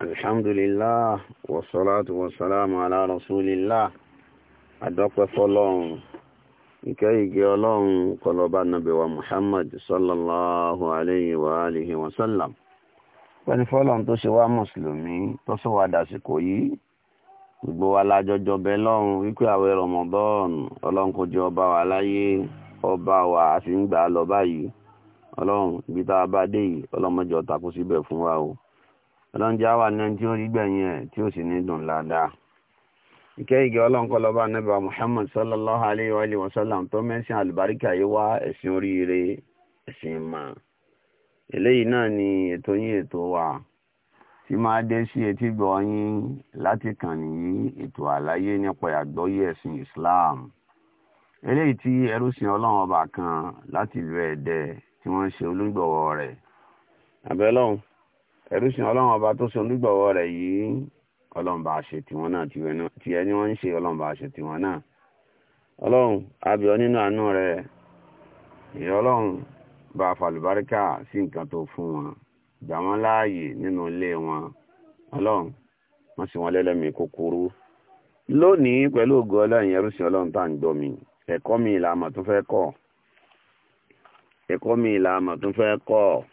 alhamdulillah wasalatu wasalamu ala rasulillah adọ́pẹ́ fọlọ́run ìkẹ́ ìgẹ́ ọlọ́run kọlọba nàbẹ̀wà muhammad sallallahu alayhi wa alihi wa sallam pẹ́ni fọlọ́run tó ṣe wá mùsùlùmí tó ṣe wá dàsìkò yìí gbogbo wa lájọjọ bẹ lọ́run wípé àwẹ̀ rọmọdọ́ọ̀n ọlọ́run kò jẹ́ ọba wa láyé ọba wa àti ń gbà lọ báyìí ọlọ́run ibi tá a bá dé yìí ọlọ́mọjọ takú síbẹ̀ fún wa o ọlọ́njẹ́ àwà náà tí ó rí gbẹ̀yìn ẹ̀ tí ó sì ní dùn ládàá ìkẹ́ ìgẹ́ ọlọ́nkọlọ́bà nẹ́bà Muhammad sallallahu Alaihi wa sallam tó mẹ́sìn àlùbáríkà yìí wá ẹ̀sìn oríire ẹ̀sìn mà eléyìí náà ni ètò yín ètò wa tí máa dé sí etí gbọ́ yín láti kàn ní ètò àlàyé nípa àgbọ́yé ẹ̀sìn Islam eléyìí tí ẹrúsìn ọlọ́run ọba kan láti ìlú ẹ̀dẹ́ tí wọ́n ń ṣe olúgbọ̀wọ́ rẹ̀ àbẹ́lọ́hùn ẹ̀rú sin ọlọ́run ọba tó ṣe onígbọ̀wọ́ rẹ̀ yìí ọlọ́run bá ṣe tiwọn náà ti ẹni wọ́n ń ṣe ọlọ́run bá ṣe tiwọn náà ọlọ́run abiyọ nínú àánú rẹ̀ èyí ọlọ́run bá falùbáríkà sí nǹkan tó fún wọn gbà wọn láàyè nínú ilé wọn ọlọ́run wọ́n sì wọn lẹ́lẹ́mìí kúkúrú lónìí pẹ̀lú ògo ọlọ́run ẹ̀rú sin mi ẹ̀kọ́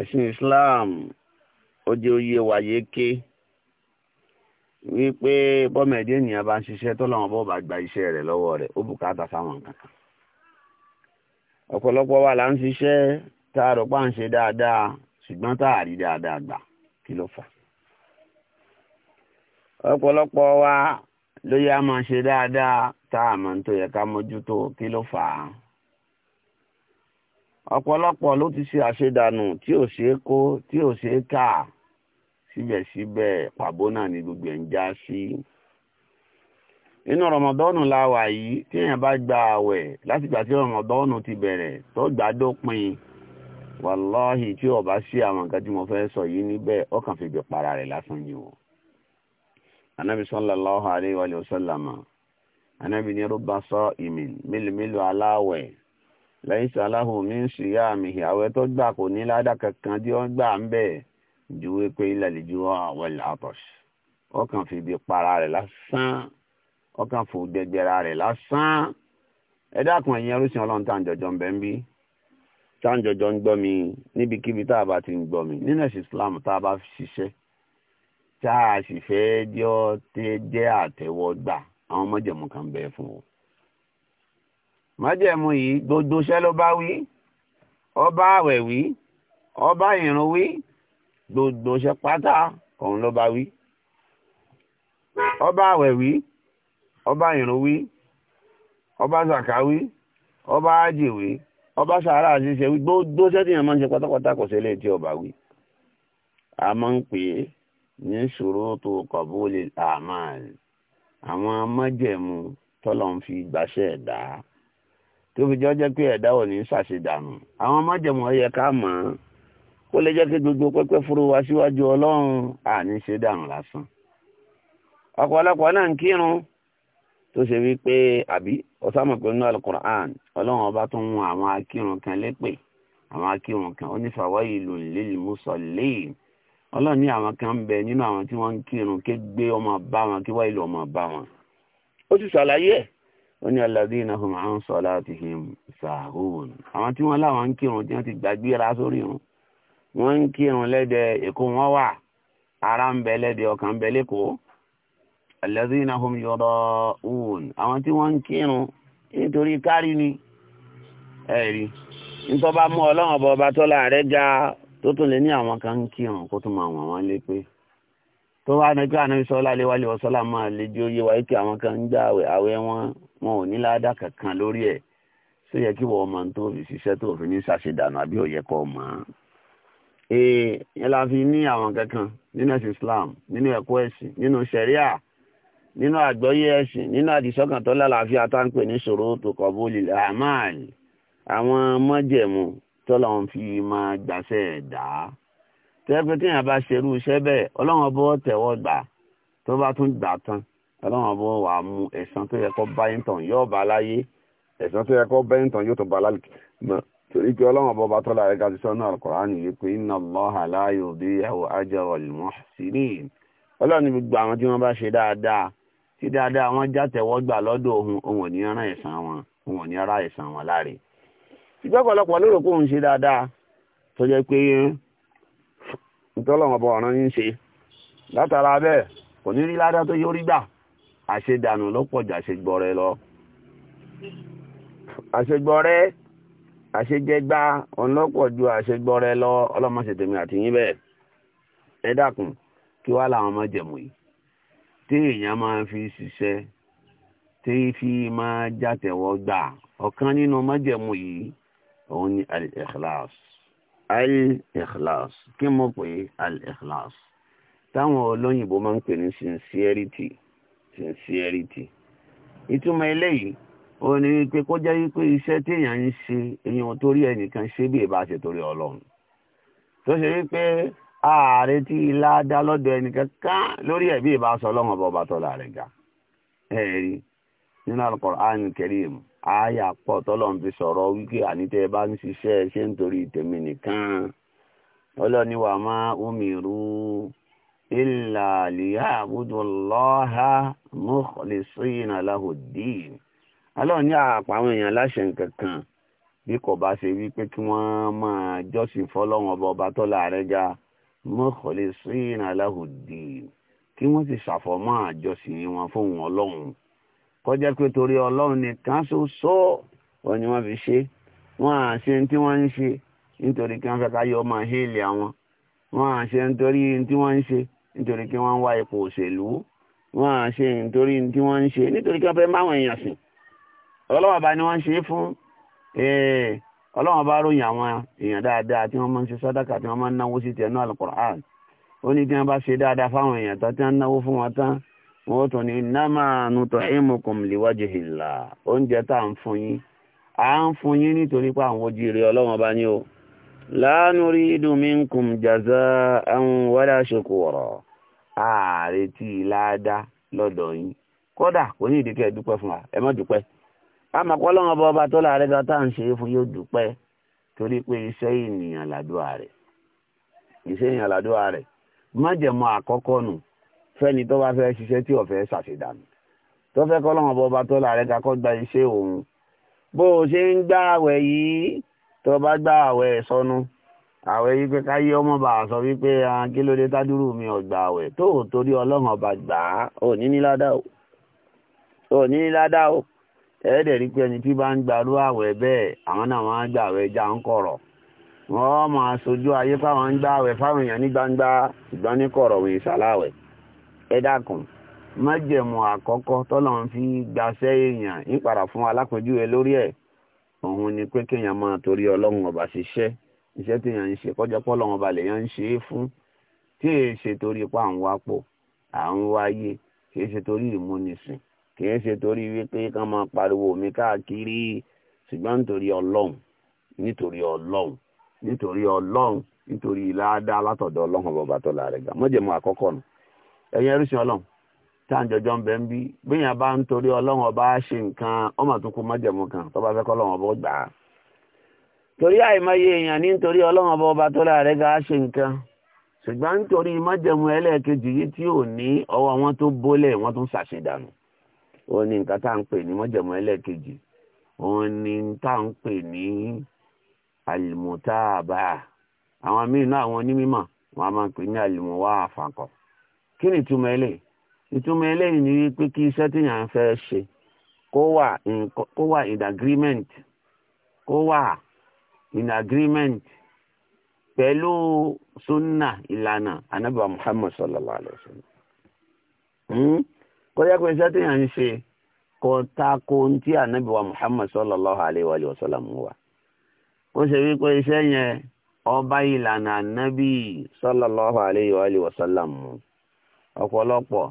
ẹ̀sìn Islam ó jẹ́ oyè wa yéké wípé bọ́mọ ẹ̀dẹ́ ènìyàn bá ń ṣiṣẹ́ tó lọ́wọ́ bọ́ bá gba iṣẹ́ rẹ̀ lọ́wọ́ rẹ̀ ó bùkátà sáwọn kankan ọ̀pọ̀lọpọ̀ wa là ń ṣiṣẹ́ tá a rò pa ń ṣe dáadáa ṣùgbọ́n tá a rí dáadáa gbà kí ló fà ọ̀pọ̀lọpọ̀ wa ló a máa ṣe dáadáa tá a máa ń tó yẹ ká mójútó kí ló fà á ọ̀pọ̀lọpọ̀ ló ti ṣe àṣedànù tí ò ṣeé kó tí ò ṣeé kà síbẹ̀síbẹ̀ pàbó náà ni gbogbo ẹ̀ ń já sí. inú rọmọdọ́nù la wà yìí tí èèyàn bá gba àwẹ̀ látìgbà tí rọmọdọ́nù ti bẹ̀rẹ̀ tó gbà dópin wàláhì tí ó bá sí àwọn nǹkan tí mo fẹ́ sọ yìí níbẹ̀ ó kàn para rẹ̀ lásán ni o. anabi sallallahu alayhi wa sallam anabi ni rúbà sọ ìmìn mélòó mélòó aláwẹ̀ lẹ́yìn sàláhùn mi ń ṣe yá mi àwẹ̀ tó gbà kò ní ládà kankan tí wọ́n gbà ń bẹ̀ ju wípé ilẹ̀ lè ju àwọn ìlàtọ̀ṣì ọkàn fi ibi para rẹ̀ lásán ọkàn fò gbẹgbẹra rẹ̀ lásán ẹ dákun ẹ̀yin ẹrú sí ọlọ́run tá à ń jọjọ ń bẹ́ ń bí tá à ń jọjọ ń gbọ́ mi níbikíbi tá a bá ti ń gbọ́ mi nínú ẹ̀sìn Islam tá a bá ṣiṣẹ́ tá a sì fẹ́ jẹ́ àtẹ́wọ́gbà àwọn ọmọ jẹ̀mú kan bẹ́ẹ̀ fún wọn májẹ̀mú yìí gbogbo iṣẹ́ ló bá wí ọba àwẹ̀ wí ọba ìrun wí gbogbo iṣẹ́ pátá òun ló bá wí ọba àwẹ̀ wí ọba ìrun wí ọba zaka wí ọba ájì wí ọba sàárà ṣíṣe wí gbogbo iṣẹ́ tí èèyàn máa ń ṣe pátápátá kò sí eléyìí tí ọba wí a máa ń pè é ní ṣurutu qabulil a'mal àwọn májẹ̀mú tọ́lọ́ ń fi gbàṣẹ́ ẹ̀dá tó fi jọ jẹ́ pé ẹ̀dá ò ní ṣàṣedànù àwọn májẹ̀mọ́ yẹ ká mọ̀ ọ́n kó lè jẹ́ kí gbogbo pẹ́pẹ́ fúru wa síwájú ọlọ́run àní ṣe dànù lásán ọ̀pọ̀lọpọ̀ náà ń kírun tó ṣe wípé àbí ọ̀sàmọ̀ pé nínú alukur'an ọlọ́run ọba tó ń wọn àwọn akírun kan lépè àwọn akírun kan ó ní fawailul lil musallin ọlọ́run ní àwọn kan ń bẹ nínú àwọn tí wọ́n ń kírun ké gbé ọmọ bá wọn kí wáyé lọ́mọ bá wọn ó sì ṣàlàyé ẹ̀ ó ní alladhina hum an salatihim sahun àwọn tí wọ́n láwọn ń kírun tí wọ́n ti gbàgbéra sórí wọn wọ́n ń kírun lẹ́dẹ̀ èkó wọn wà ara ń bẹ lẹ́dẹ̀ ọkàn ń bẹ lẹ́kọ̀ọ́ alladhina hum yura'un àwọn tí wọ́n ń kírun nítorí kárí ni ẹ̀rí nítorí bá mú ọlọ́run ọba ọba tọ́lá rẹ̀ ga tó tún lè ní àwọn kan ń kírun kó tún máa wọ̀n wọ́n lé pé tó wá ní àná ìṣọ́lá léwálé ọ̀ṣọ́lá máa lè jẹ́ òye wáyé kí àwọn kan ń gbà àwẹ̀ wọn wọn ò ní ládà kankan lórí ẹ̀ ṣó yẹ kí wọ́n máa tó fi ṣiṣẹ́ tó fi ní ṣàṣedànù àbí òye kọ́ mọ́ ee yẹn la fi ní àwọn kankan nínú ẹ̀sìn Islam nínú ẹ̀kọ́ ẹ̀sìn nínú ṣẹ̀ríà nínú àgbọ́yé ẹ̀sìn nínú àdìsọ́kàn tó lálàáfíà tá ń pè ní ṣòro tó kọ̀ bólì àmàlì àwọn mọ́jẹ̀mú tọ́lọ̀ ń fi máa gbàṣẹ́ dá tẹ́pẹ́ tí yẹn bá ṣerú iṣẹ́ bẹ́ẹ̀ ọlọ́run ọbọ̀ tẹ̀wọ́ gbà tó bá tún gbà tán ọlọ́run àbọ̀ wà á mú ẹ̀san tó yẹ kó bá yín tàn yóò bá láyé ẹ̀san tó yẹ kó bá yín tàn yóò tó bá láyé torí pé ọlọ́run àbọ̀ bá tọ́lá rẹ̀ kájú sọ́nà Al-Qur'ani yìí pé inna Allaha la yudi'u ajral muhsinin ọlọ́run gbogbo àwọn tí wọ́n bá ṣe dáadáa tí dáadáa wọn já tẹ̀wọ́ gbà lọ́dọ̀ ohun ohun ní ara wọn ohun àṣedànù ló pọ̀jù àṣegbọ́rẹ́ lọ. àṣegbọ́rẹ́ àṣejẹgbá ọlọ́pọ̀jù àṣegbọ́rẹ́ lọ ọlọ́mọṣetèmi àti yín bẹ́ẹ̀ ẹ dákun kí wàá làwọn ọmọ jẹ̀mú yìí tí èèyàn máa fi ṣiṣẹ́ tí fi máa jàtẹ̀wọ́ gbà ọ̀kan nínú májẹ̀mú yìí òun ni al-ikhlas al-ikhlas kí mo pè al-ikhlas táwọn olóyìnbó máa ń pè ní sincerity sincerity ìtumọ̀ eléyìí ó ní wípé kó jẹ́ wípé iṣẹ́ téèyàn ń ṣe èèyàn torí ẹnìkan ṣe bí ìbá ṣe torí ọlọ́run tó ṣe wípé ààrẹ tí ilá dá lọ́dọ̀ ẹnìkan kán lórí ẹ̀bí ìbá sọ ọlọ́run ọba ọba tọ́lá rẹ̀ ga ẹ̀rí nínú Al-Qur'an Karim àyà pọ̀ tọ́lọ́run fi sọ̀rọ̀ wípé ànítẹ́ bá ń ṣiṣẹ́ ṣé ń tèmi nìkan ọlọ́ni wà máa ń mìíràn ìlà àlìyá àbúdó lọ́ha mukhlisina lahu ddin ọlọ́run ní àpá àwọn èèyàn láṣẹ nǹkan kan bí kò bá ṣe wí pé kí wọ́n máa jọ́sìn fọlọ́run ọba ọba tó láàrẹ́ ga mukhlisina lahu ddin kí wọ́n sì ṣàfọ̀mọ́ àjọsìn wọn fún ọlọ́run kọjá pé torí ọlọ́run nìkan ṣoṣo wọn ni wọ́n fi ṣe wọ́n à ṣe tí wọ́n ń ṣe nítorí kí wọ́n fẹ́ ká yọ ọmọ hélì àwọn wọ́n à ṣe nítorí tí wọ́n ń ṣe nítorí kí wọ́n ń wá ipò òṣèlú wọ́n á ṣe nítorí tí wọ́n ń ṣe nítorí kí wọ́n fẹ́ máwọn èèyàn sìn ọlọ́wọ́n bá ní wọ́n ń ṣe fún eh, ọlọ́wọ́n bá ròyìn àwọn èèyàn dáadáa tí wọ́n máa ń ṣe sàdákà tí wọ́n máa ń náwó sí tẹ̀nú Al-Qur'an ó ní tí wọ́n bá ṣe dáadáa fáwọn èèyàn tán tí wọ́n náwó fún wọn tán wọ́n tún ní innama nut'imukum liwajhillah oúnjẹ tá à ń fún yín à ń fún yín nítorí pé àwọn ojú ire ọlọ́wọ́n bá ní o la nuridu minkum jazaan wala shukura ààrẹ tí ìlàdá lọ́dọ̀ yín kódà kò ní ìdíkẹ́ dúpẹ́ fún wa ẹ má dúpẹ́ àmọ́pọ́ lọ́wọ́ bá ọba tó láàrẹ́ gan tá à ń ṣe é fún yóò dúpẹ́ torí pé iṣẹ́ ènìyàn làdúrà rẹ̀ iṣẹ́ ènìyàn làdúrà rẹ̀ májẹ̀mọ́ àkọ́kọ́ nù fẹ́ni tó bá fẹ́ ṣiṣẹ́ tí ọ̀fẹ́ ṣàṣedànù tó fẹ́ kọ́ lọ́wọ́ bá ọba tó láàrẹ́ gan kọ́ gba iṣẹ́ òun bó o ṣe ń gbààwẹ̀ yìí tó bá gbá àwẹ̀ sọnù àwẹ̀ yìí pé káyé ọmọ bá sọ wípé kí ló dé tádúró mi ọgbà àwẹ̀ tó ò torí ọlọ́run ọba gbà á ò ní ní ládà o ò ní ní ládà o ẹ̀ẹ́dẹ̀ rí pé ẹni tí bá ń gbarú àwẹ̀ bẹ́ẹ̀ àwọn náà wọ́n á gbà àwẹ̀ já ń kọ̀rọ̀ wọ́n máa sojú ayé fáwọn ń gbá àwẹ̀ fáwọn èèyàn ní gbangba ṣùgbọ́n ní kọ̀rọ̀ wò ìsàláwẹ̀ ẹ dákun májẹ̀mú àkọ́kọ́ tọ́lọ́run fi gbaṣẹ́ èèyàn ń fún alákòójú lórí ẹ̀ òun ni pé kéèyàn máa torí ọlọ́run ọba ṣiṣẹ́ iṣẹ́ téèyàn ń ṣe kọjọpọ̀ ọlọ́run ọba lèèyàn ń ṣe é fún tí èè ṣe torí ipá àwọn wápò àwọn wáyé kì í ṣe torí ìmúnisìn kì í ṣe torí wípé ká máa pariwo mi káàkiri ṣùgbọ́n nítorí ọlọ́run nítorí ọlọ́run nítorí ọlọ́run nítorí ìlàdá látọ̀dọ̀ ọlọ́run ọba tó la rẹ̀ gà mọ́jẹ̀mú àkọ́kọ́ nù ẹ̀yin ẹrú sí ọlọ́run táǹjọjọ ń bẹ mbi bí bá ń torí ọba ṣe nǹkan ọmọ tó kú kan tó fẹ́ kọ́ torí àìmọye èèyàn ní nítorí ọlọ́run ọba ọba tó láàrẹ ga ṣe nǹkan ṣùgbọ́n nítorí ẹlẹ́ẹ̀kejì tí ò ní ọwọ́ wọn tó bólẹ̀ ṣàṣedànù. ó ní nǹkan tá à ń pè ní ẹlẹ́ẹ̀kejì òun ni tá à ní àwọn ìtumọ̀ eléyìí ni wípé kí iṣẹ́ téèyàn ń fẹ́ ṣe kó wà in agreement kó wà in agreement pẹ̀lú sunna ìlànà anábìwá Muhammad sallallahu alayhi wa sallam. Hmm? kọjá pé iṣẹ́ téèyàn ń ṣe kò ta ko tí anábìwá Muhammad sallallahu alayhi wa sallam wà. ó ṣe wípé iṣẹ́ yẹn ọba ìlànà anábì sallallahu alayhi wa sallam mu ọ̀pọ̀lọpọ̀.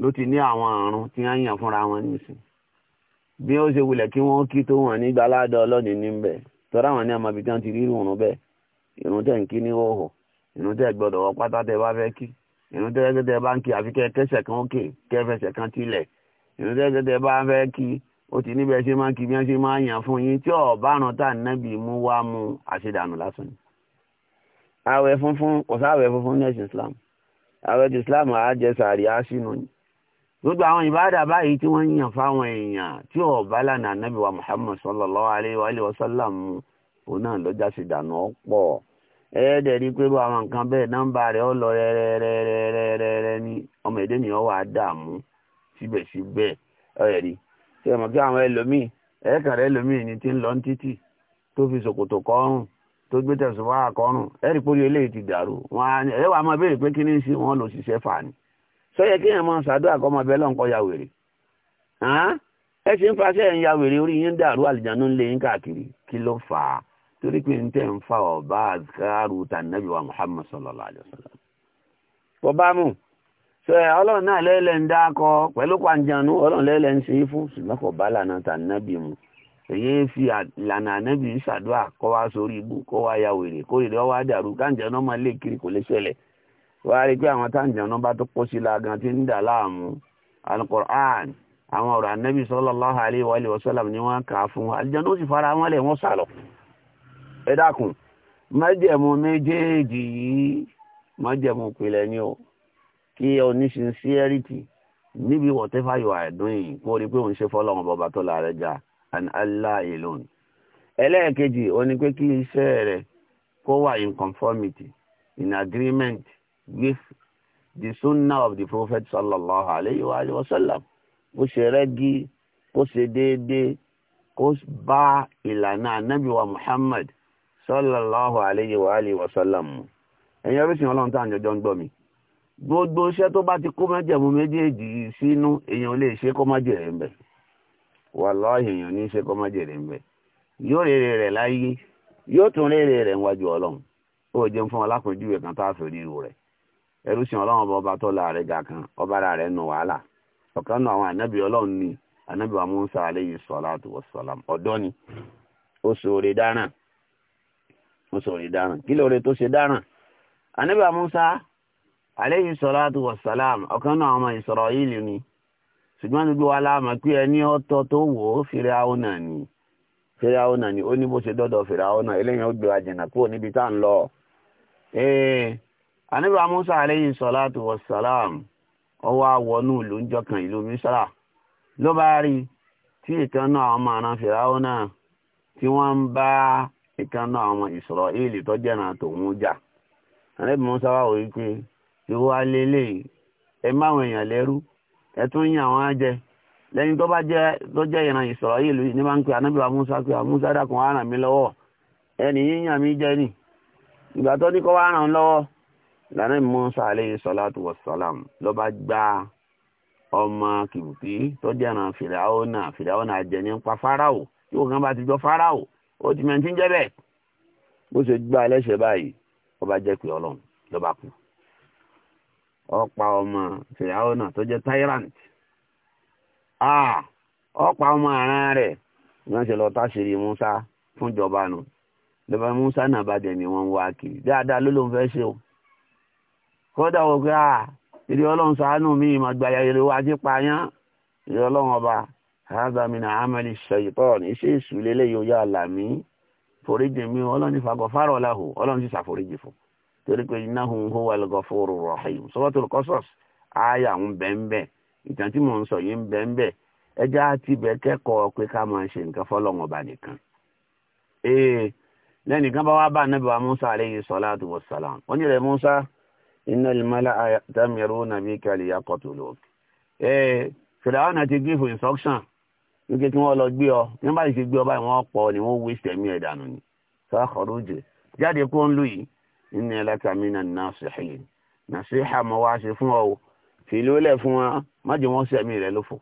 ló ti ní àwọn àrùn tí wọ́n yàn fúnra wọn nísìn bí ó ṣe wulẹ̀ kí wọ́n kí tó wọn nígbà aládọ́ ọlọ́ọ̀ni níbẹ̀ tọ́ra wọn ní ọmọ ibi tí wọ́n ti rí ìrùn bẹ́ẹ̀ ìrùn tẹ̀ ń kí ní hòhò ìrùn tẹ̀ gbọ́dọ̀ wọ pátá tẹ bá fẹ́ kí ìrùn tẹ̀ gẹ́gẹ́ bá ń kí àfi kẹ́ kẹsẹ̀ kan òkè kẹ́ fẹsẹ̀ kan tilẹ̀ ìrùn tẹ̀ gẹ́gẹ́ bá fẹ́ kí ó ti níbẹ̀ ṣe máa ń kí bí wọ́n ṣe máa ń yàn fún yín tí ọ̀báràn tà nẹ́bì mú wá mú àṣedànù lásán ni. àwẹ̀ funfun kò sáwẹ̀ funfun ní ẹ̀sìn Islam àwẹ̀ ti Islam àá jẹ sàárì ni gbogbo àwọn ibada báyìí tí wọ́n yàn fáwọn èèyàn tí ò bá lànà ànábì wa muhammad sallallahu alayhi wa alihi wa sallam òun náà lọ́jà sí dànù ọ̀pọ̀ ẹ̀ẹ́dẹ̀ rí pé bó àwọn nǹkan bẹ́ẹ̀ nọ́mbà rẹ̀ ó lọ rẹ́rẹ́rẹ́rẹ́rẹ́rẹ́ ní ọmọ èdè wà dààmú síbẹ̀síbẹ̀ rí mọ̀ kí àwọn ẹlòmíì rẹ̀ ẹlòmíì lọ títì tó fi ṣòkòtò tó gbé tẹ̀sùn ti dàrú wọn máa béèrè pé sọ yẹ kí èèyàn máa ṣàdó àkọ́mọ bẹ́ẹ̀ lọ́nkọ́ ya wèrè ẹ ṣe ń ń ya wèrè orí yín dàrú àlìjánu ń káàkiri kí ló fà á torí pé ń ń fa wa Muhammad sallallahu alaihi wasallam. kò sọ ẹ ọlọ́run náà lẹ́lẹ̀ ń pẹ̀lú ọlọ́run lẹ́lẹ̀ ń ṣe é fún ṣùgbọ́n mu èyí fi kọ́ sórí ibú kọ́ ya wèrè kórìíra dàrú ọmọ lè wàá rí pé àwọn táǹjì ọ̀nà bá tó pọ̀ sí lágan tí ń dà láàmú alukur'an àwọn ọ̀rọ̀ anabi ni wọ́n kà á fún wọn àlùjànnú ó sì fara wọn lẹ̀ wọ́n sálọ. ẹ dákun májẹ̀mú méjèèjì yìí májẹ̀mú ni o kí o sincerity níbi whatever you are doing kó o rí pé òun ṣe and allah alone. ẹlẹ́ẹ̀kejì pé kí iṣẹ́ rẹ̀ kó in conformity with the sunnah of the prophet sallallahu alayhi wa alayhi wa sallam kó ṣe rẹ́gí kó ṣe déédéé kó bá ìlànà anabi wa muhammad sallallahu alayhi wa alayhi wa sallam mu ẹ̀yin ẹrú sìn ọlọ́run tá à ń jọjọ́ ń gbọ́ mi gbogbo iṣẹ́ tó bá ti kó májẹ̀mú méjèèjì sínú èèyàn lè ṣe kó má jèrè ń bẹ̀ wàláhì èèyàn ní ṣe kó má jèrè ń bẹ̀ yóò rèrè rẹ̀ láyé yóò tún rèrè rẹ̀ níwájú ọlọ́run ó jẹun fún alákòójú rẹ̀ kan tá a fẹ́ ríru rẹ̀ ẹrú sìn ọlọ́run ọba tó la rẹ̀ ga kan ọba ara rẹ̀ nù wàhálà ọ̀kan nù àwọn ànábì ọlọ́run ni ànábì wa Musa aleyhi salatu wa salam ọ̀dọ́ ni ó sòrè dáràn ó sòrè dáràn kí lóore tó ṣe dáràn ànábì wa Musa aleyhi salatu wa salam ọ̀kan nù àwọn ọmọ Ísírẹ́lì ni ṣùgbọ́n gbogbo wa láàmà pé ẹni ọ̀tọ̀ tó wò ó Fíráúnà náà ni Fíráúnà náà ni ó ní bó ṣe dọ́dọ̀ Fíráúnà náà eléyìí ó gbé wa jìnnà kúrò níbi tá à ń lọ. àníbà musa aleyhi sọláàtù wasalam ọwọ́ àwọnú ìlú ńjọ kan ilu misra lo bá rí tí ìkan náà ọmọ àna fìràwọ́ náà tí wọ́n ń bá ìkan náà ọmọ ìsọ̀rọ̀ìlì tó jẹ́nà tòun jà àníbà musa wà wí pé ìwọ e? ẹ máwọn èèyàn lẹ́rú e tún yín àwọn ajẹ lẹ́yìn tó bá jẹ́ tó jẹ́ ìran ìsọ̀rọ̀ìlì ní máa ń pe ànábìwá musa pé àmusa dákun á ràn mí lọ́wọ́ ẹnì yín yàn mí jẹ́ nì ìgbà tó ní kó wá ràn lọ́wọ́ lànà Mùsá alayhi salatu wassalam ló bá gba ọmọ kìbùtì tó jẹ́ràn fìràwọ́nà fìràwọ́nà àjẹní ń pa fáráwò tí òkan bá ti jọ fáráwò ó ti mẹ́tí ń jẹ́ bẹ́ẹ̀ bó ṣe gbá ẹlẹ́ṣẹ̀ báyìí ó jẹ́ pé ọlọ́run ló bá ọ̀pá ọmọ fìràwọ́nà tó jẹ́ tyrant ọ̀pá ọmọ àrán rẹ̀ wọ́n ṣe lọ táṣìírí Mùsá fúnjọba nù lọ́ba Mùsá náà bá dẹ̀ ni wọ́n ń wá kiri dáadáa ló ló fẹ́ ṣe o. kódà ògbé à ìdí ọlọ́run nsọ mi ìmọ̀gbàyà èrè wa ti payán ìdí ọlọ́run ọba àádọ́mìnà àlàmí foríjì mi ọlọ́run ti fagọ̀ fárọ̀ ọlọ́run ti fún torí pé rahim ń ìtàn tí mò ń sọ yìí ń bẹ́ńbẹ́ ẹja ti bẹ̀ kẹ́kọ̀ọ́ ṣe nǹkan fọlọ́run ọba nìkan. ee lẹ́nìkan bá wá bá anábìwá musa aleyhi salatu wa salam ó ní iná ìmọ̀lá àtàmìrò nàbí kẹlẹ̀ yàkọ̀tò lò. ẹ fìdáwọn àti gífù instruction wíkẹ́ kí wọ́n lọ gbé ọ ní báyìí ti gbé ọ báyìí ni wọ́n wé sẹ̀mí ẹ̀ dànù ni sọ́kọ̀rọ̀ jáde kó ń lù yìí nínú ẹlẹ́ka mi náà náà sèhìn náà sí àmọ́ wá o fìlú fún wa má rẹ ló fò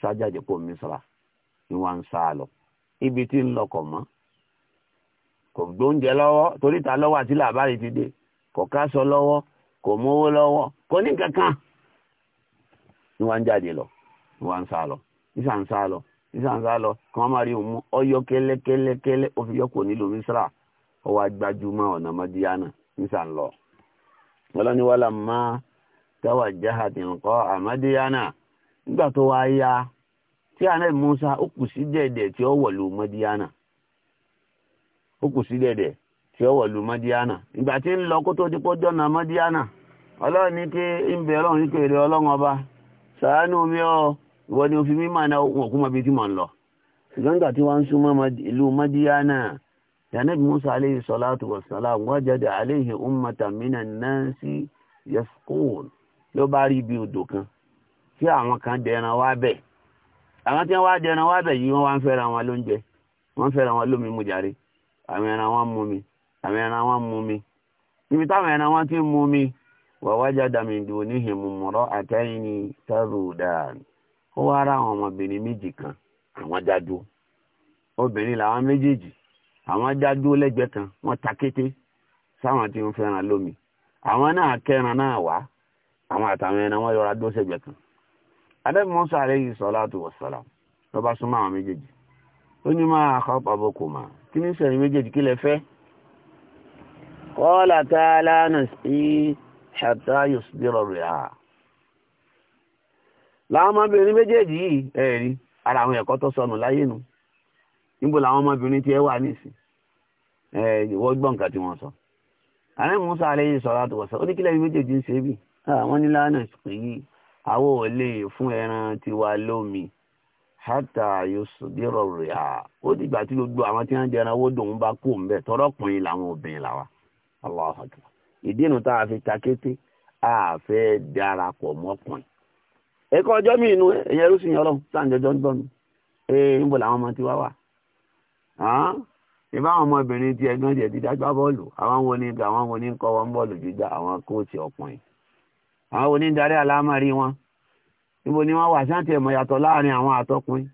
sá jáde ibi tí ń lọkọ̀ kò gbóúnjẹ lọ́wọ́ torí ta lọ́wọ́ àti làbárí ti dé kò káṣọ lọ́wọ́ kò mówó lọ́wọ́ kò ní kankan ni wọ́n ń lọ ni wọ́n ń sá lọ ìsà ń sá lọ ìsà ń lọ kí wọ́n máa rí òun mú ọyọ Misra ó wá Madiana ìsà lọ. wàhálà tẹ́wà nígbà Musa ó kù sí tí ó o kù sí dẹ̀dẹ̀ tí ó wọ̀lú mọ́díánà ìgbà tí ń lọ kó tó jọ́nà mọ́díánà ọlọ́run ní kí ń bẹ ọlọ́run ní kí ọlọ́run ọba sàánú ọ ìwọ ni òfin mímọ̀ náà wọ̀ kú mọ́bi tí mò ń lọ. ṣùgbọ́n ìgbà tí wọ́n súnmọ́ ìlú mọ́díánà yanabi musa aleyhi wa salam aleyhi àwọn ẹran wọn mú mi àwọn ẹran wọn mú mi níbi táwọn ẹran wọn ti mú mi wà wájà dàmìdì oníhìn mùmùrọ àtẹyìn ní tẹrùdàn ó wá ra àwọn ọmọbìnrin méjì kan àwọn jájú obìnrin làwọn méjèèjì àwọn jájú lẹ́gbẹ̀ẹ́ kan wọn ta kété sáwọn tí ń fẹ́ràn lómi àwọn náà kẹran náà wá àwọn àtàwọn ẹran wọn yọra dó sẹ́gbẹ̀ẹ́ kan adébùmọsọ àlẹ yìí sọlá tó wọ sọlá lọba súnmọ́ àwọn méjèèjì ó ní máa àkọ́pàbọ̀kò mà kí ní sẹ̀rẹ̀ méjèèjì kí lẹ fẹ́ kọ́ọ̀lá tá a lánà sí ṣàtà yòsùdírọ̀ rẹ̀ à láwọn ọmọbìnrin méjèèjì yìí ẹ̀rí ara àwọn ẹ̀kọ́ tó sọnù láyé nu níbo làwọn ọmọbìnrin tí ẹ wà nísìn ẹ wọ́n gbọ́ nǹkan tí wọ́n sọ ààrẹ musa aleyhi sọ̀rọ̀ àtọ̀wọ̀sọ ó ní kílẹ̀ méjèèjì ń ṣe bí àwọn ah, ní lánà sí àwọn ò lè fún hátà yosùdírọ̀ rẹ̀ à ó dìgbà tí gbogbo àwọn tí wọ́n ń jẹran owó dòun bá kú ń bẹ̀ tọ́rọ́kùnrin làwọn obìnrin làwà Allahu Akbar ìdí inú tá a fi ta kété a fẹ́ darapọ̀ mọ́kùnrin. ẹ̀kọ́ ọjọ́ mi inú ẹ̀yẹ rúṣì yẹn ọlọ́run sáà ń jọjọ́ ń gbọ́ mi ee ń bọ̀ làwọn ọmọ tí wá wà. ìbá àwọn ọmọbìnrin tí ẹgbẹ́ jẹ̀ ti dágbá bọ́ọ̀lù àwọn wo ni àwọn wo ni ń kọ́ wọn bọ́ọ̀lù jíjà àwọn kóòtù ọkùnrin àwọn wo ni ń darí àlámọ̀rí níbo ni wọ́n wà sí àti ẹ̀mọ̀ yàtọ̀ láàrin àwọn àtọkùnrin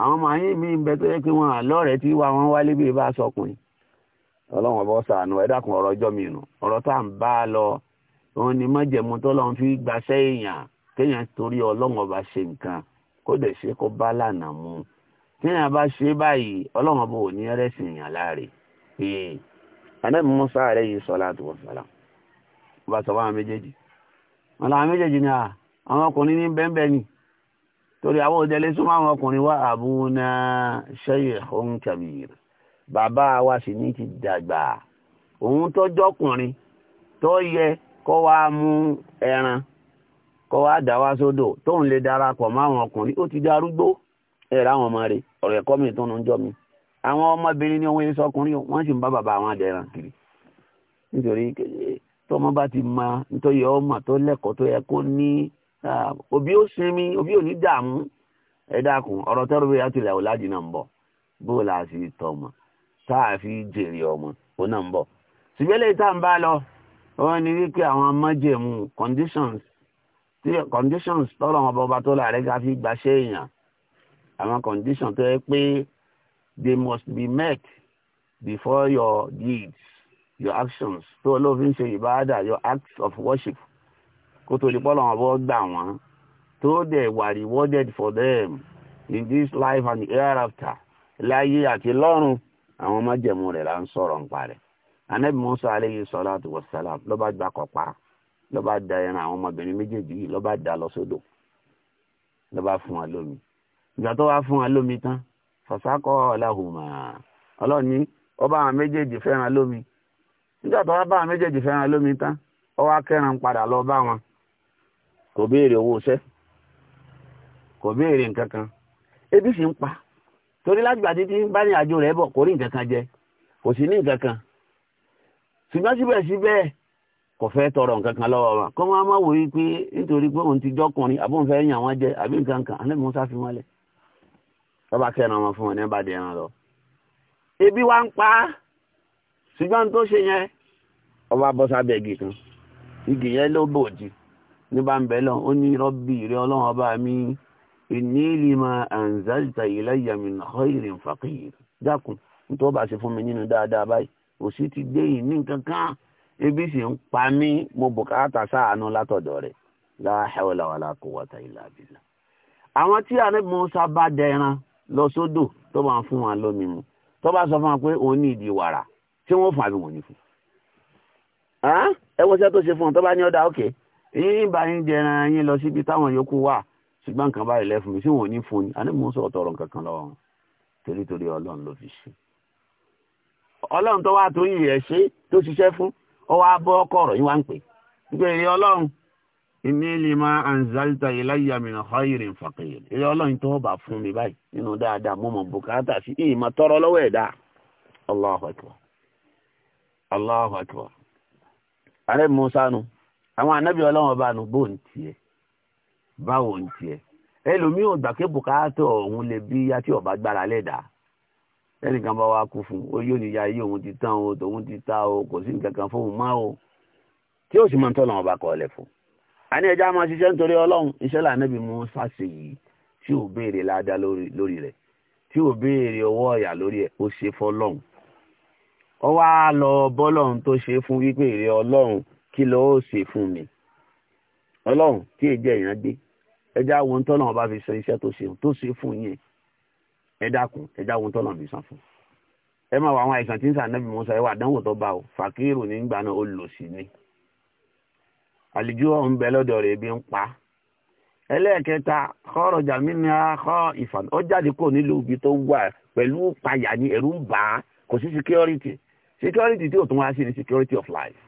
àwọn ọmọ ayé mi ń bẹ tó yẹ kí wọn àlọ́rẹ̀ẹ́ tí wà wọ́n wálé bí bá sọkùnrin ọlọ́wọ́n bọ́ sànù ẹ dákun ọ̀rọ̀ mi nù ọ̀rọ̀ tá à ń bá a lọ òun ni mọ́jẹ̀mú tọ́lọ́run fi gbaṣẹ́ èèyàn kéèyàn torí ọlọ́wọ́n bá ṣe nǹkan kó dẹ̀ ṣe kó bá lànà mu kéèyàn bá ṣe báyìí ọlọ́wọ́n bò ní ẹrẹ́sìn èèyàn láre ee anabi musa alayhi salatu wassalam bá sọ fún àwọn méjèèjì wọn làwọn méjèèjì ni à àwọn ọkùnrin ní bẹ́ẹ̀bẹ́ẹ̀ ni torí àwọn òjẹlé súnmọ́ àwọn ọkùnrin wá àbúna shaykhun kabir bàbá wa sì ní ti dàgbà òun tó jọkùnrin tó yẹ kó wá mú ẹran kó wá dà wá sódò tóun lè darapọ̀ mọ́ àwọn ọkùnrin ó ti darúgbó ẹ̀rọ àwọn ọmọ rẹ̀ ọ̀rọ̀ ẹ̀kọ́ mi tó ń jọ mi àwọn ọmọbìnrin ni wọ́n sọ ọkùnrin wọ́n sì ń bá bàbá àwọn adẹ̀ràn kiri nítorí tọmọ bá ti ma nítorí ọmọ tó lẹ́kọ̀ọ́ tó yẹ kó ní Ah, òbí ó sinmi òbí ò ní dààmú ẹ dákun ọ̀rọ̀ tẹ́rù bí àtìlẹ̀ ọ̀làjì náà ń bọ̀ bó la sì tọ̀ mọ̀ tá a fi jèrè ọmọ ó náà ń bọ̀ síbẹ̀lẹ̀ tá à ń bá lọ wọ́n ní wípé àwọn májẹ̀mú conditions conditions tọ́lọ̀ wọn bọba tó la rẹ̀ ká fi gbaṣẹ́ èèyàn àwọn conditions tó yẹ pé they must be met before your deeds your actions tó olófin ṣe ìbáradà your acts of worship kó tó di pọ́lọ́ wọn bọ́ gbà wọ́n tó dẹ̀ rewarded for them in this life and hereafter láyé àti lọ́run àwọn májẹ̀mú rẹ̀ là ń sọ̀rọ̀ ń parẹ́ anabi musa aleyhi salatu wa salam ló bá gba kọ̀pá ló bá da ẹran àwọn ọmọbìnrin méjèèjì yìí ló bá da lọ sódò ló bá fún wa lómi ìgbà tó wá fún wa lómi tán ní kò béèrè owó iṣẹ́ kò béèrè nǹkan kan ebi sì ń pa torí lágbà títí bá ní àjò rẹ̀ bọ̀ kò rí nǹkan kan jẹ kò sí ní nǹkan kan ṣùgbọ́n kò fẹ́ tọrọ nǹkan kan lọ́wọ́ wa kọ́ máa má wò pé nítorí pé òun ti jọ́kùnrin fẹ́ àbí nǹkan kan fi wọ́n lẹ̀ lọ́ba ní bá lọ. ní bá ń bẹ̀ lọ ó ní rọ́bì rí ọlọ́run ọba mi ìní lima anzalta ilayya min khairin faqir dákun nítorí ọba ṣe fún mi nínú dáadáa báyìí òsì ti dé yìí ní kankan ebi sì ń pa mí mo bùkátà sáànù látọ̀dọ̀ rẹ̀ la hawla wala quwwata illa billah. àwọn tí ànábì Mùsá bá dẹran lọ sódò tó máa fún wọn lómi mu tó bá sọ fún wọn pé òun ní ìdí wàrà tí wọ́n fà bí wọ́n ní fún. ẹ wọ́n ṣe tó ṣe fún wọn tó bá ní ọ̀dà òkè. yín bá yín jẹran yín lọ síbi táwọn yòókù wà ṣùgbọ́n nǹkan báyìí lẹ́fún mi tí wọ́n ní fún ni àní mò ń sọ̀rọ̀ tọrọ nǹkan kan torí torí ọlọ́run ló fi ṣe ọlọ́run tó wá tó yìí ẹ̀ ṣe tó ṣiṣẹ́ fún ọ wá bọ́ yín wá ń pè èrè ọlọ́run ìní lè máa anzalta èrè ọlọ́run tó bá fún mi báyìí nínú dáadáa mo mọ̀ àwọn anábì ọlọ́run ọba nù bóun tiẹ̀ báwo ń tiẹ̀ ẹlòmíì ò gbà pé lè bí yá tí ọba gbára lẹ́dàá ẹnìkan bá wa kú fún un ó yóò níyà yí òun ti tán o tòun ti ta o kò sí nǹkan kan fóun má o tí ó sì máa ń tọ́ lọ́wọ́ bá kọ́ ọ̀lẹ̀ fún un. a ní ẹja máa ṣiṣẹ́ nítorí ọlọ́run iṣẹ́ lànàbí mú sáṣe yìí tí ò béèrè ládàá lórí rẹ̀ tí ò béèrè owó ọ̀yà lórí ẹ̀ ó ṣe fọ́lọ́run. ó wá lọ bọ́lọ́run tó ṣe fún wípé èrè ọlọ́run kí lọ́ọ́ ṣe fún mi ọlọ́run tí èjì èèyàn dé ẹjá wọn tọ́nà ọba fi san iṣẹ́ tó ṣe tó ṣe fún yẹn ẹ dákun ẹjá wọn tọ́nà fi san fún ẹ máa wọ àwọn àìsàn tí ń sàn nẹ́bí musa ẹ wà tó bá o fàkírù nígbà náà ó lò sí ni àlejò ọ̀hún bẹ lọ́dọ̀ rẹ̀ ebi ń pa ẹlẹ́ẹ̀kẹta kọ́rọ̀ jàmí ni a kọ́ ìfàn ó jáde kó nílùú ibi tó wà pẹ̀lú payà ni ẹ̀rù ń bà á kò sí security security tí ò tún wá sí ni security of life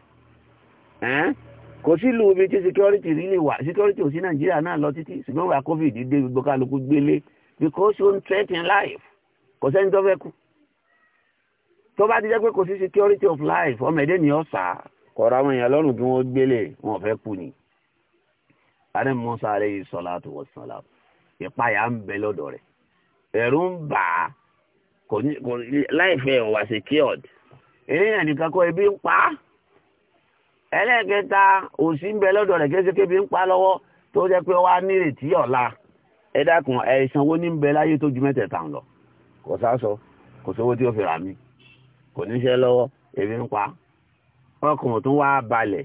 kò sí ìlú omi tí security rí lè wà security ò sí nàìjíríà náà lọ títí ṣùgbọ́n wà covid dé gbogbo kálukú gbélé because ó ń threat in life kò sẹ́ni tó fẹ́ kú tó bá ti jẹ́ pé kò sí security of life ọmọ ẹ̀dẹ́ ni ọ̀sà kọ̀ọ̀rọ̀ àwọn èèyàn lọ́rùn kí wọ́n gbélé wọn fẹ́ kú ni adam musa aleyhi salatu wa salam ìpayà ń bẹ lọ́dọ̀ rẹ̀ ẹ̀rù ń bà á kò ní láìfẹ́ ọ̀wà secured eléyàn nìkan kọ́ ebi ń pa á. ẹlẹ́ẹ̀kẹta òsì ń bẹ lọ́dọ̀ rẹ̀ kéṣe kébi ń pa lọ́wọ́ tó jẹ́ pé wá nírètí ọ̀la ẹ dákun ẹ̀sán ní ń bẹ láyé tó ju mẹ́tẹ̀ẹ̀ta lọ kò kò sówó tí ó fi rà mí kò níṣẹ́ lọ́wọ́ èmi ń pa ọkàn tó wá balẹ̀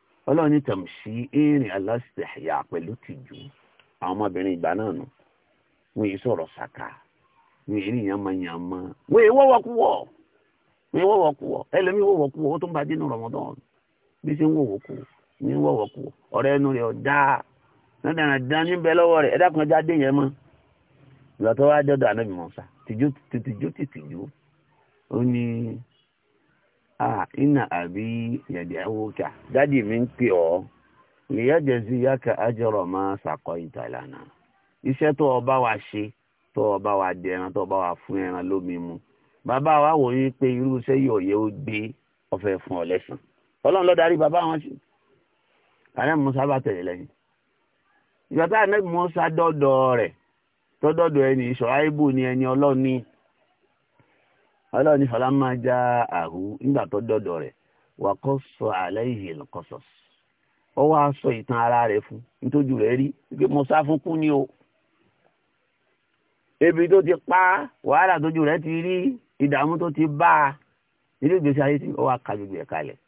ọlọ́run ní tẹ̀mùsí irin aláṣẹ̀yà pẹ̀lú tìjú àwọn ọmọbìnrin ìgbà náà nù wọn èyí sọ̀rọ̀ ṣàkà wọn èyí nìyàn máa yàn mọ́ wọ́wọ́ kú wọ́ wọn èyí wọ́wọ́ kú wọ́ ẹlẹ́mi wọ́wọ́ kú wọ́ ó tó ń bá dínú bí ṣe ń wọ́wọ́ kú wọ́wọ́ kú ọ̀rẹ́ ẹnu rẹ̀ ọ̀dá nàdàrà dán lọ́wọ́ rẹ̀ ah ina àbí yẹ̀dẹ̀wòkà dádì mi ń pè ọ́ lèyẹ́dẹ̀sí yáka ajọ́rọ̀ máa ṣàkọ́ ìtàlànà iṣẹ́ tó o bá wa ṣe tọ o bá wa dẹ ẹran bá wa fún ẹran lómi mu bàbá wa wò pé irú iṣẹ́ yẹ ó gbé ọ musa ni ọlọ́run ní fọlá máa já àhú nígbà tó dọ́dọ̀ rẹ̀ wà kọ́ sọ alayhi al-qasas ó wá sọ ìtàn ara rẹ̀ fún nítorí rẹ̀ rí pé mo sá fún kú ni o ebi tó ti pa wàhálà tójú rẹ̀ ti rí ìdààmú tó ti bá a nínú ìgbésí ayé tí ó wá ka gbogbo ẹ̀ kalẹ̀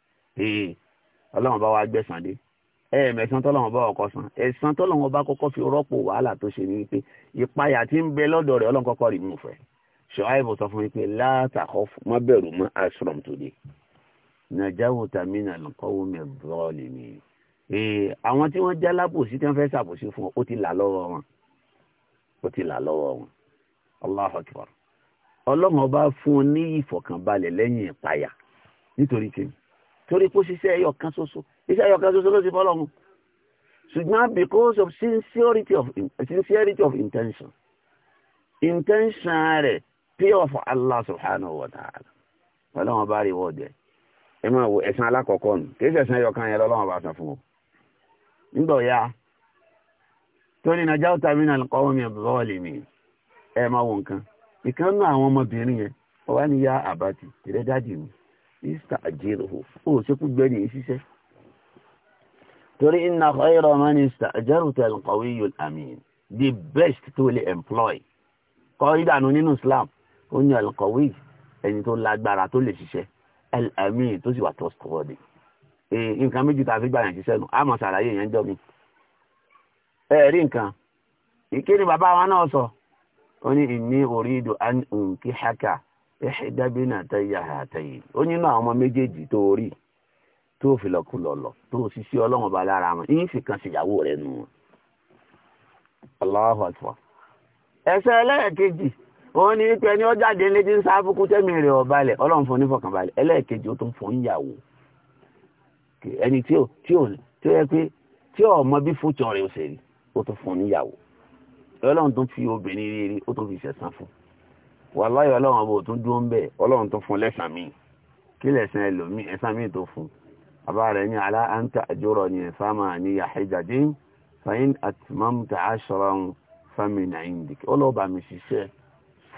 ee ọlọ́run bá wa gbẹ̀sán dé ẹ̀ẹ̀mẹ̀sán tọ́lọ́wọ́n bá ọkọ̀ san ẹ̀sán tọ́lọ́wọ́n bá kọ́kọ́ fi rọ́pò wàhálà tó ṣe ní wípé ìpayà tí ń bẹ lọ́dọ̀ rẹ̀ ọlọ́run kọ́kọ́ rí mú fẹ́ ṣọ́áìbù sọ fún mi pé látàkọ́ má bẹ̀rù mọ́ ashram tòde nàjáwò tàmínà lọ́kọ́wò mẹ́rọ lèmi. àwọn tí wọ́n já lábòsí tí wọ́n fẹ́ ṣàbòsí fún ọ ó ti là lọ́wọ́ wọn ó ti là lọ́wọ́ wọn Allahu akbar ọlọ́run ọba fún un ní ìfọ̀kànbalẹ̀ lẹ́yìn ìpayà nítorí kí torí kó ṣiṣẹ́ ẹyọ kan iṣẹ́ ẹyọ kan ló ti fọ́lọ́run ṣùgbọ́n because of sincerity of sincerity of intention intention rẹ̀ pure for Allah subhanahu wa ta'ala ọlọ́wọ́n bá rí wọ́ọ̀dẹ̀ ẹ máa wo ẹ̀sán alákọ̀ọ́kọ́ nù kí ẹ̀sán ẹyọkan yẹn lọ́wọ́n bá san fún ọ nígbà ya torí najawta minal qawmi adh-dhalimin ẹ máa wo nǹkan ìkan nù àwọn ọmọbìnrin yẹn ó wá ní ya àbátì tìrẹ́ dájì mi ìsítà àjẹrò ó ṣekú gbẹ́rì yìí ṣiṣẹ́ torí inna khayra man ista'jarta al-qawiyyu al the best to employ kọ́ ìdànù nínú Islam ó ní alqawi ẹni tó lágbára tó lè ṣiṣẹ́ alamin tó sì wà trustworthy nǹkan méjì tá a fi gbà yàn ṣiṣẹ́ nù á mọ̀ ṣàlàyé yẹn jọ mi ẹ rí nǹkan ìkéde bàbá wa náà sọ ó ní inni uridu an unkihaka ihda binatayya hatayn ó nínú àwọn ọmọ méjèèjì tó rí tó fi lọ́kù lọ́lọ́ tó sì sí ọlọ́run ọba lára wọn yìí sì kan ṣèyàwó rẹ̀ nù wọn. Allahu akbar ẹsẹ̀ ẹlẹ́ẹ̀kejì wọ́n ní wípé ẹni ó jáde létí ń sá fúkú tẹ́mi rẹ̀ ọ̀ balẹ̀ ọlọ́run fún onífọ̀kàn balẹ̀ ẹlẹ́ẹ̀kejì ó tún fún ìyàwó ẹni tí ò tí ò tí ó yẹ pé tí ò mọ bí fújọ rẹ̀ ó ṣe rí ó tún fún níyàwó ọlọ́run tún fi obìnrin rírí ó tún fi ṣẹ̀san fún wàláhì ọlọ́run ọba ò tún dúró ń bẹ̀ ọlọ́run tún fún lẹ́sàn míì kí lẹ́sàn ẹlòmíì ẹ̀sán míì tó fún bàbá rẹ̀ ní alá àǹtà àjọrọ̀ ní ẹ̀fá máa ní yàhíjàdé fàyín àtìmọ́mùtà àṣọrọ̀ fámìnà ìndìkì ọlọ́ọ̀bà mi ṣiṣẹ́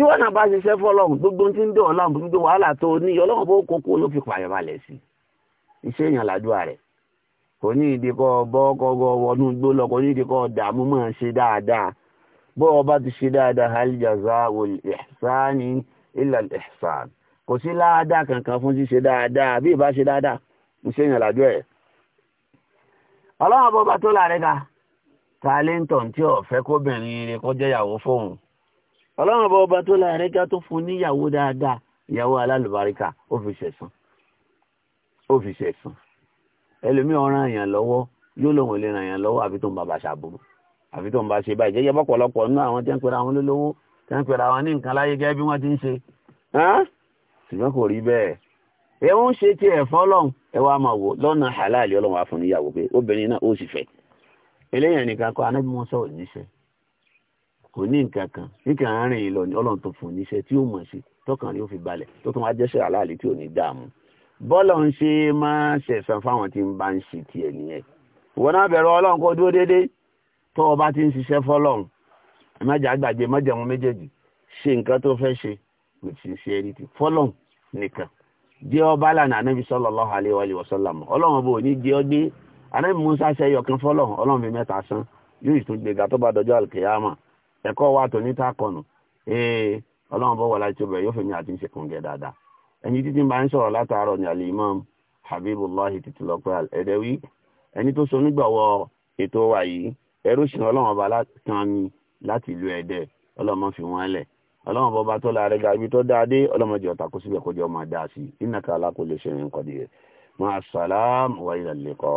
tí wọ́n náà bá ṣiṣẹ́ fọlọ́run gbogbo tí ń dùn ọlọ́run gbogbo wàhálà tó ní ọlọ́run bó kókó ló fi pààyàn balẹ̀ sí iṣẹ́ èèyàn làdúrà rẹ̀ kò ní ìdí kọ́ bọ́ kọ́kọ́ wọnú gbó lọ kò ní ìdí kọ́ dààmú mọ́ ṣe dáadáa bó o bá ti ṣe dáadáa hal jazaa'ul ihsani illa al ihsan kò sí láadáa kankan fún ṣíṣe dáadáa bí ìbá ṣe dáadáa iṣẹ́ èèyàn làdúrà rẹ̀ ọlọ́run bó bá tó láàrẹ́ ká talẹ́ńtọ̀ tí ọ̀fẹ́ kóbìnrin rẹ̀ kọjá ìyàwó fóun ọlọ́run ọba ọba tó láàrẹ́ ká tó fún níyàwó dáadáa ìyàwó alálùbáríkà ó fi ṣẹ̀sán ó fi ṣẹ̀sán ẹlòmíì ọ̀ràn èèyàn lọ́wọ́ yóò lòun lè ràn èèyàn lọ́wọ́ àfi tó ń bá bàṣà burú àfi tó ń bá ṣe báyìí jẹ́jẹ́ bọ́pọ̀lọpọ̀ nínú àwọn tí ń pera àwọn lólówó tí ń pera àwọn ní nǹkan láyé gẹ́gẹ́ bí wọ́n ti ń ṣe ṣùgbọ́n kò rí bẹ́ẹ̀ ẹ ń ṣe ti ẹ̀fọ́ ẹ wá máa wò lọ́nà halal ọlọ́run àfọ̀níyàwó pé obìnrin náà ó sì fẹ́ eléyàn nìkan kọ́ anábìmọ́sọ̀ òníṣẹ́ kò ní nǹkan kan níkà àárín ìlọ ni tó fún tí ó mọ̀ sí tọkàn ó fi balẹ̀ tó tún wá tí ò ní dààmú bọ́lọ̀ ń ṣe máa ṣẹ̀san fáwọn tí ń bá ń ṣe tiẹ̀ wọn náà bẹ̀rù ọlọ́run kó dúró tó o bá ti ń ṣiṣẹ́ fọlọ́run ẹ méjèèjì ṣe nǹkan tó fẹ́ ṣe kò sì ṣe fọlọ́run nìkan jẹ́ ọba lànà anábì ẹ̀kọ́ wa tòní tá a kọnu ee ọlọ́run bọ́ wọlé àti obìnrin yóò fẹ́ mi àti ṣe kúngẹ́ dáadáa ẹni títí máa ń sọ̀rọ̀ látàárọ̀ ní alimam Habibullahi Titilope Al-Edawi ẹni tó sonígbọ̀wọ́ ètò wa yìí ẹrú sìn ọlọ́run ọba kan ni láti ìlú ẹ̀dẹ́ ọlọ́run fi wọ́n lẹ̀ ọlọ́run bọba tó la rẹ̀ ga ibi tó dáadé ọlọ́run jẹ́ ọ̀tà kó síbẹ̀ kó jẹ́ ọmọ dáa sí innaka ala kulli shay'in qadir ma'as salam wa ila al-liqa.